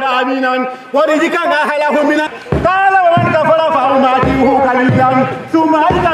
خالدا امينا ورزقنا اهله من قال ومن كفر فاماتيه قليلا ثم اذا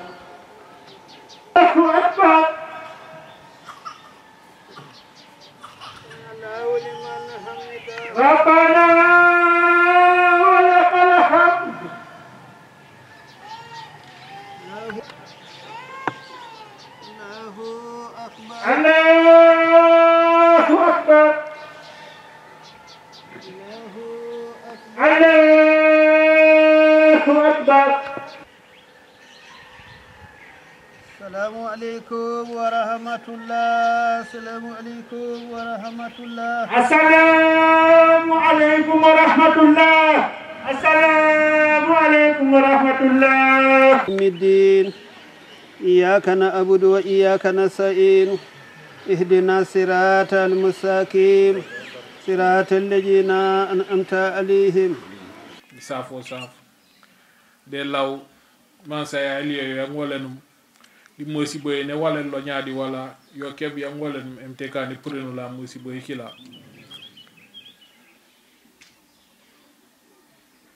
salaamualeykum wa rahmatulah salaamualeykum wa rahmatulah. asalaamualeykum wa rahmatulah. asalaamualeykum wa rahmatulah. middiin. iyaaka na abudu wa iyaaka na sa'iin. ihdina sirata almustaqiim. sirata alladina an'amta alayhim. saafo saaf. de law. maa sa yaay liyoyo ak wala num musibo ne walen lo ñaadi wala yo keb yan walen mtk ni purinu la musibo kila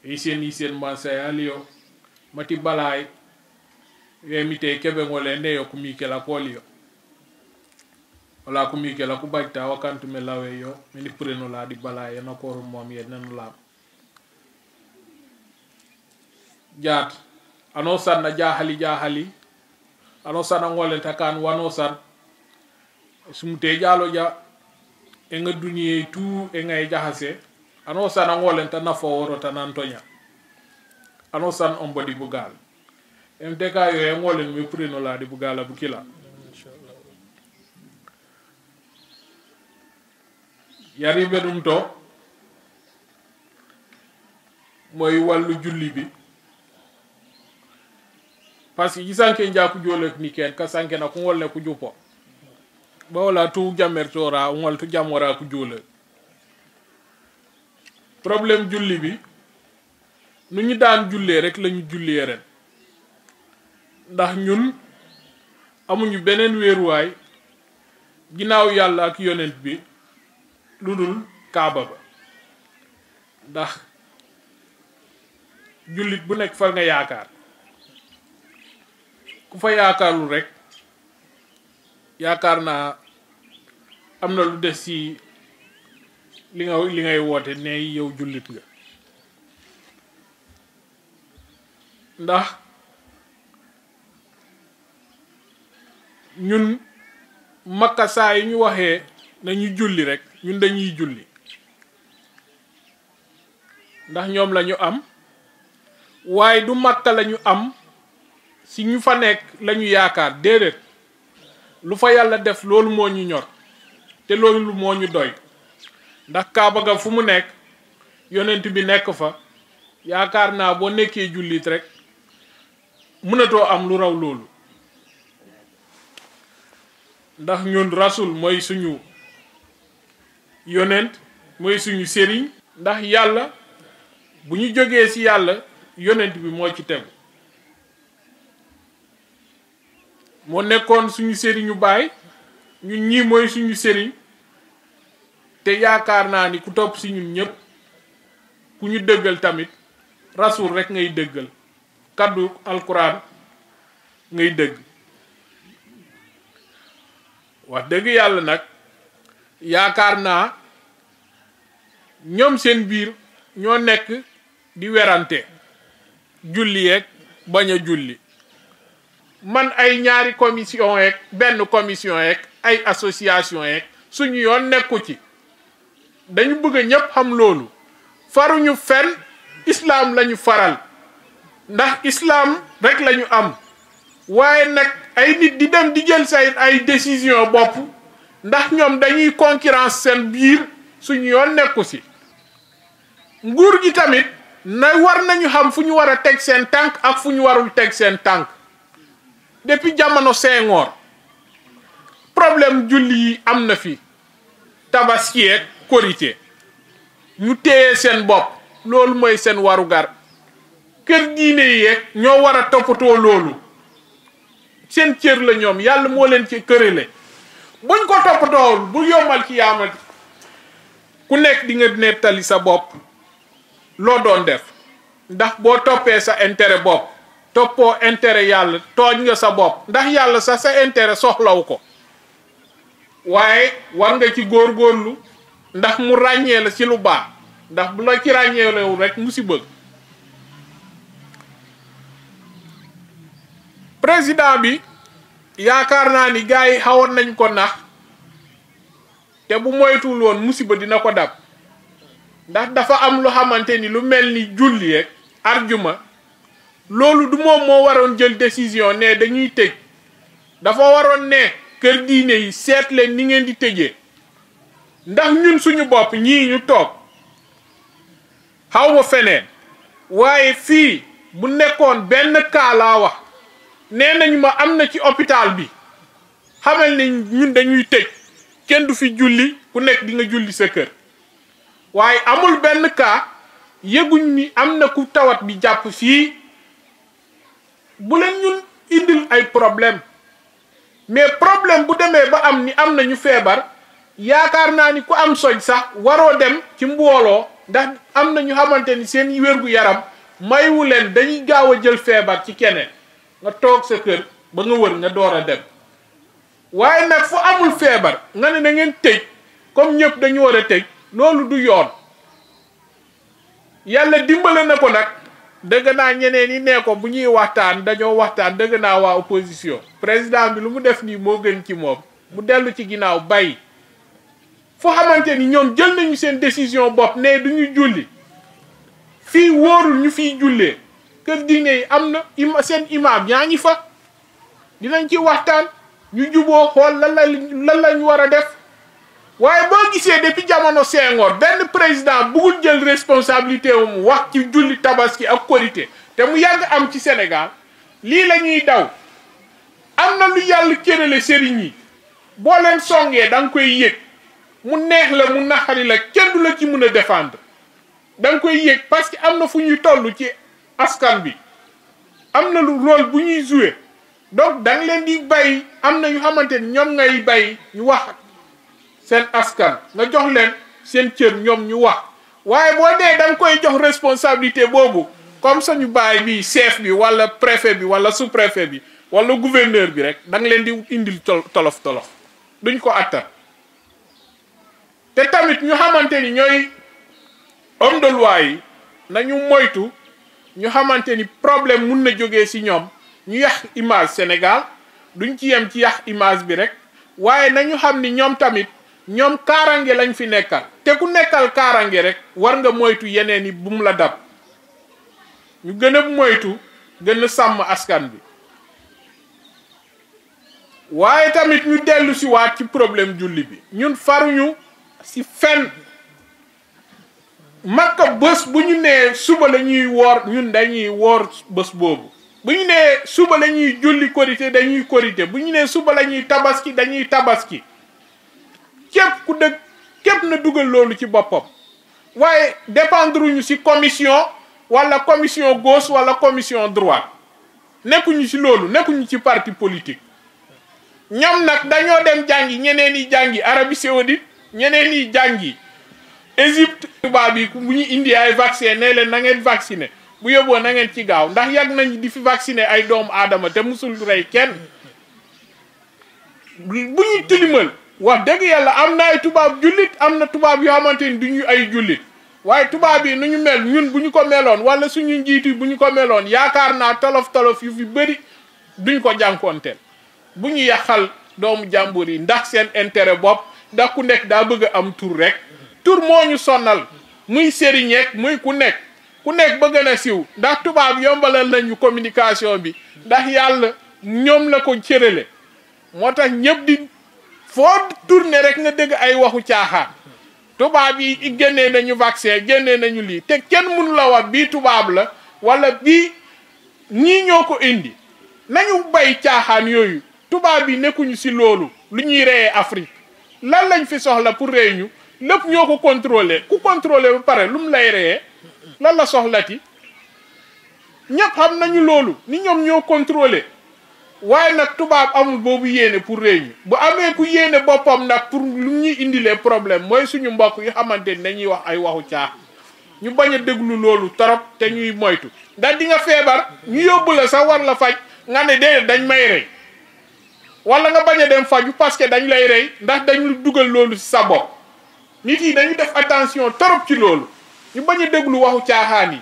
isen isen mansay aliyo mati balay yemite kebe ngole ne yo kumi kela kolio wala kumi kela ku bajta wakantu me lawe yo mini purinu la di balay no koru mom ye nanu la jaat ano sanna jahali jahali ano sana ngolle takan wano san sumte jalo ja e ngadduñe tu e ngay e jahase ano sana ngolle ta nafo woro ta nantoña ano san on bodi bugal en te ka yo e ngolle mi prino la di bugala bukila yari be dum to moy wallu julli bi pasque jisanke njaku jolek niken ka sanke na ku ngol ne ku jupo bawola tu jammer tora ngol tu jam wara ku jolek problème julli bi nu ñu daan jullee rek lañu ñu jullee ndax ñun amuñu beneen wéeruwaay ginnaaw yàlla ak yonent bi lu dul kaaba ba ndax jullit bu nekk fa nga yaakaar ku fa yaakaarul rek yaakaar naa am na lu des ci li nga li ngay woote ne yow jullit nga ndax ñun makka saa yi ñu waxee nañu julli rek ñun dañuy julli ndax ñoom lañu am waaye du makka lañu am si ñu fa nekk lañu yaakaar déedéet lu fa yàlla def loolu moo ñu ñor te loolu moo ñu doy ndax kaaba nga fu mu nekk yonent bi nekk fa yaakaar naa boo nekkee jullit rek mënatoo am lu raw loolu ndax ñun rasul mooy suñu yonent mooy suñu sëriñ ndax yàlla bu ñu jógee ci yàlla yonent bi moo ci tegu mo nekkoon suñu sëriñu baay ñun ñii mooy suñu sëriñ te yaakaar naa ni ku topp si ñun ñëpp ku ñu dëggal tamit rasul rek ngay dëggal kaddu alquran ngay dëgg wax dëgg yàlla nag yaakaar naa ñoom seen biir ñoo nekk di werante julli yeeg bañ julli man ay ñaari commission yeeg benn commission yeeg ay association yeeg suñu yoon nekku ci dañu bëgg ñëpp xam loolu faruñu fen islaam lañu faral ndax islaam rek lañu am waaye nag ay nit di dem di jël say ay décision bopp ndax ñoom dañuy concurrence seen biir suñu yoon nekku si nguur gi tamit na war nañu xam fu ñu war a teg seen tànk ak fu ñu warul teg seen tànk depuis jamono Senghor problème julli yi am na fi tabaski ak korité ñu téye seen bopp loolu mooy seen warugar kër diine yeeg ñoo war a toppatoo loolu seen cër la ñoom yàlla moo leen ci kërale buñ ko toppatoo bu yommal ci yaamat ku nekk di nga nettali sa bopp loo doon def ndax boo toppee sa intérêt bopp topo intérêt yàlla tooñ nga sa bopp ndax yàlla sax sa intérêt soxlaw ko waaye war nga ci góorgóorlu ndax mu ràññee la ci lu baax ndax bu la ci ràññeelewul rek mu si bëgg président bi yaakaar naa ni gars yi nañ ko nax te bu moytuwul woon musiba dina ko dab ndax dafa am lu xamante ni lu mel julli arjuma loolu du moom moo waroon jël décision ne dañuy tëj dafa waroon ne kër diine yi seetle ni ngeen di tëje ndax ñun suñu bopp ñii ñu toog xawma ma feneen waaye fii bu nekkoon benn kaa laa wax nee nañ ma am na ci hôpital bi xamal ne ñun dañuy tëj kenn du fi julli ku nekk di nga julli sa kër waaye amul benn kaa yëguñ ni am na ku tawat bi jàpp fii bu leen ñun indil ay problème mais problème bu demee ba am ni am na ñu feebar yaakaar naa ni ku am soj sax waroo dem ci mbooloo ndax am na ñu xamante ni seen wér-gu-yaram maywu leen dañuy gaaw a jël feebar ci keneen nga toog sa kër ba nga wër nga door a dem waaye nag fu amul feebar nga ne na ngeen tëj comme ñëpp dañu war a tëj loolu du yoon yàlla dimbale na ko nag dëgg naa ñeneen yi nee bu ñuy waxtaan dañoo waxtaan dëgg naa waa opposition président bi lu mu def nii moo gën ci moom mu dellu ci ginnaaw bàyyi foo xamante ni ñoom jël nañu seen décision bopp ne du ñu julli fii wóorul ñu fiy jullee kër diine am na seen imaam yaa ngi fa dinañ ci waxtaan ñu juboo xool lan la lan lañ war a def waaye boo gisee depuis jamono Senghor benn président bugul jël responsabilité mu wax ci julli tabaski ak korité te mu yàgg am ci Sénégal lii lañuy ñuy daw am na lu yàlla cërale sëriñ yi boo leen songee da koy yëg mu neex la mu naxari la kenn du la ci mun a défendre da nga koy yëg parce que am na fu ñuy tollu ci askan bi am na lu rôle bu ñuy joué donc da nga leen di bàyyi am na ñu xamante ni ñoom ngay bàyyi ñu wax sen askan nga jox len sen cieur ñom ñu wax waye bo dé dang koy jox responsabilité bobu comme sañu bay bi chef bi wala préfet bi wala sous préfet bi wala gouverneur bi rek dang len di indil tolof tolof duñ ko atta té tamit ñu xamanteni ñoy homme de loi yi nañu moytu ñu xamanteni problème mën na joggé si ñom ñu yax image Sénégal duñ ci yam ci yax image bi rek waye nañu xamni ni tamit ñoom kaarange lañ fi nekkal te ku nekkal kaarange rek war nga moytu yeneen yi bum la dab ñu gën a moytu gën sàmm askan bi waaye tamit ñu dellu si ci problème julli bi ñun faruñu si fenn makka bés bu ñu nee suba la ñuy woor ñun dañuy woor bés boobu bu ñu nee suba la ñuy julli korité dañuy korité bu ñu nee suba la ñuy tabaski dañuy tabaski képp ku dëgg képp na dugal loolu ci boppam waaye dépendre ñu si commission wala commission gauche wala commission droit nekkuñu si loolu nekkuñu ci parti politique ñoom nag dañoo dem jàngi ñeneen yi jàngi Arabie Saoudite ñeneen yi jàngi Égypte tubaab yi bu ñu indi ay vaccin ne leen na ngeen vacciné bu yóbboo na ngeen ci gaaw ndax yàgg nañ di fi vacciné ay doomu aadama te musul rey kenn bu ñu tilimal wax dëgg yàlla am na ay tubaab jullit am na tubaab yoo xamante ni du ñu ay jullit waaye tubaab yi nu ñu mel ñun bu ñu ko meloon wala suñu njiit yi bu ñu ko meloon yaakaar naa tolof tolof yu fi bëri duñ ko jànkoonteel bu ñu yàqal doomu jàmbur yi ndax seen intérêt bopp ndax ku nekk daa bëgg am tur rek tur moo ñu sonnal muy sëriñeek muy ku nekk ku nekk bëgg na siw ndax tubaab yombalal ñu communication bi ndax yàlla ñoom la ko cërale moo tax ñëpp foo tourné rek nga dégg ay waxu caaxaan tubaab yi génnee nañu vaccin génnee nañu lii te kenn mënu la wax bii tubaab la wala bii ñii ñoo ko indi nañu bay caaxaan yooyu tubaab yi nekkuñu si loolu lu ñuy reyee Afrique lan lañ fi soxla pour rey ñu lépp ñoo ko contrôlé ku contrôlé ba pare lu mu lay reyee lan la soxlati ñëpp xam nañu loolu ni ñoom ñoo contrôlé waaye nag tubaab amul boobu yéene pour réew mi bu amee ku yéene boppam nag pour lu ñuy indilee problème mooy suñu mbokk yi xamante ni dañuy wax ay waxu caax ñu bañ a déglu loolu torop te ñuy moytu ndax dinga nga feebar ñu yóbbu la sax war la faj nga ne déedéet dañ may rey wala nga bañ a dem faju parce que dañ lay rey ndax dañu dugal loolu si sa bopp nit yi dañu def attention torop ci loolu ñu bañ a déglu waxu caaxaan yi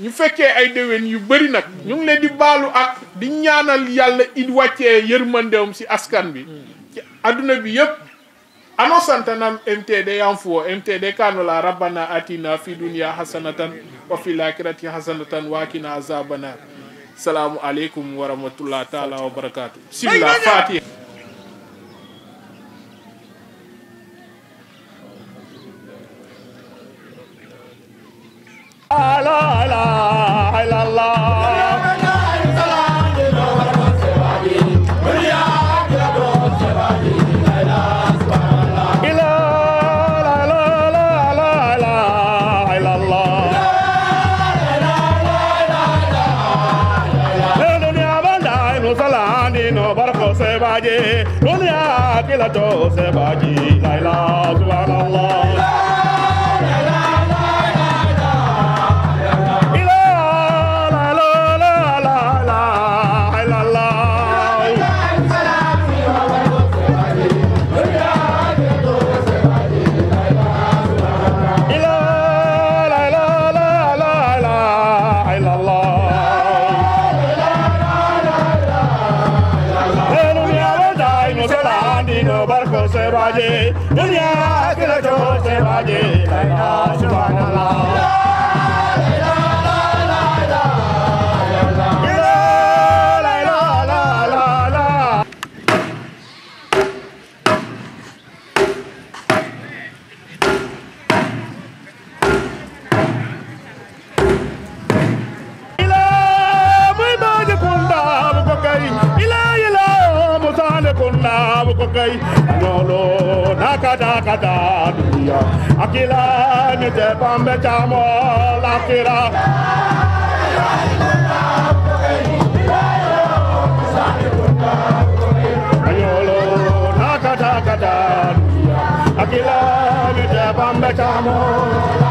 ñu fekkee ay déwén yu bëri nag ñu ngi leen di baalu ak di ñaanal yàlla it wàccee yërmandeem si askan bi ci adduna bi yëpp anosantanam mtd yanfuwo mtd kanola rabbana atina fi dunia hasanatan wa fil akhirati hasanatan wa qina azabannar salaamu aleykum wa rahmatullah taala wa barakatu bismillah fatiha la la. Shivana, Shivana, along. duya akila ni tẹ bambẹ camọ lakira. ayọlọ nakata kata duya akila ni tẹ bambẹ